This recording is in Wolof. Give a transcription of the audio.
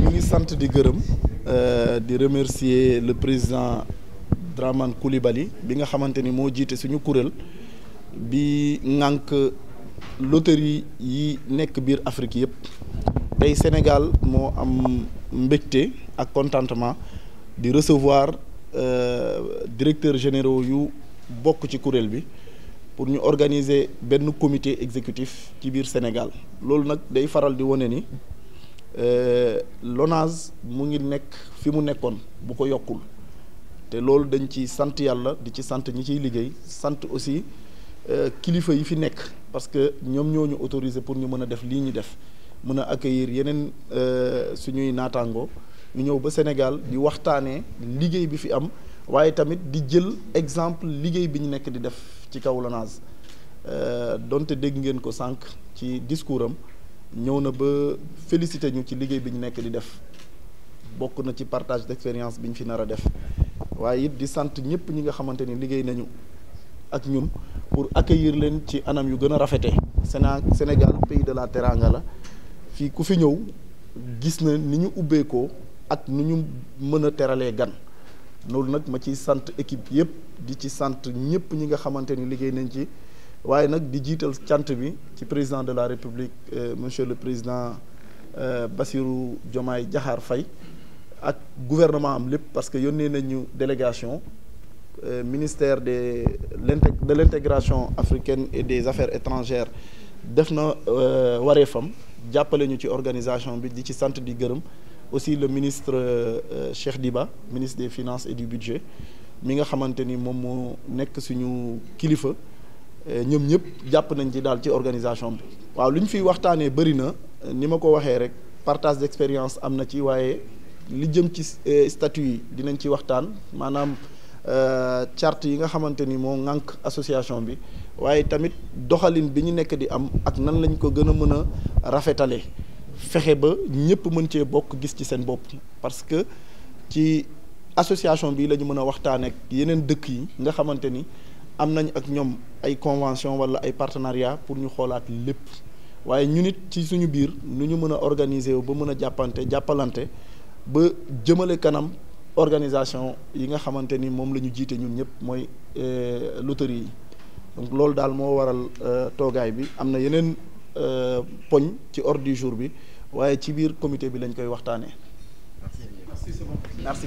ñu ngi sant di gërëm euh, di remercier le président Draman Coulibaly bi nga xamante ni moo jiite suñu kuréel bi ŋànk loterie yi nekk biir Afrique yëpp tey Sénégal moo am mbégte ak contentement di recevoir euh, directeur généraux yu bokk ci kuréel bi pour ñu organiser benn comité exécutif ci biir Sénégal loolu nag day faral di wone ni Euh, Lonase mu ngi nekk fi mu nekkoon bu ko yokkul te loolu dañ ci sant yàlla di ci sant ñi ciy liggéey sant aussi euh, kilifa yi fi nekk parce que ñoom ñoo ñu autorisé pour ñu mën a def lii ñu def mën a accueillir yeneen euh, suñuy naataango ñu ñëw ba Sénégal di waxtaanee liggéey bi fi am waaye tamit di jël exemple liggéey bi ñu nekk di def ci kaw Lonase donte dégg ngeen ko sànq ci discours am. ñëw na ba félicité ñu ci liggéey bi ñu nekk di def bokk na ci partage d'expérience bi ñu fi nar a def waaye it di sant ñëpp ñi nga xamante ni liggéey nañu ak ñun pour accueillir leen ci anam yu gën a rafete Sénat Sénégal pays de la teraanga la fii ku fi ñëw gis na ni ñu ubbeekoo ak nu ñu mën a teralee gan loolu nag ma ciy sant équipe yëpp di ci sant ñëpp ñi nga xamante ni liggéey nañ ci waaye nag di jiital cant bi ci président de la république euh, monsieur le président euh, Bassirou Diomaye Diakhar fay ak gouvernement am lépp parce que yónnee nañu délégation euh, ministère des de l'intégration africaine et des affaires étrangères def na wareefam jàppale ñu ci organisation bi di ci sant di gërëm aussi le ministre Cheikh Diba ministre des finances et du budget mi nga xamante ni moom moo nekk suñu kilifa Euh, ñoom ñëpp jàpp nañ ci daal ci organisation bi waaw lu ñu fiy waxtaanee bëri na euh, ni ma ko waxee rek partage d'expérience am na ci waaye li jëm ci euh, statut yi dinañ ci waxtaan maanaam charte yi nga xamante ni moo ŋànk association bi waaye tamit doxalin bi ñu nekk di am ak nan lañ ko gën a mën a rafetale fexe ba ñëpp mën cee bokk gis ci seen bopp parce que ci association bi lañu ñu mën a waxtaan ak yeneen dëkk yi nga xamante ni am nañ ak ñoom ay convention wala ay partenariat pour ñu xoolaat lépp waaye ñun it ci suñu biir nu ñu mën a organiser wu ba mën a jàppante jàppalante ba jëmale kanam organisation yi nga xamante ni moom la ñu jiite ñun ñëpp mooy euh, loterie yi donc loolu daal moo waral euh, toogaay bi am na yeneen euh, poñ ci ordre du jour bi waaye ci biir comité bi lañ koy waxtaanee. merci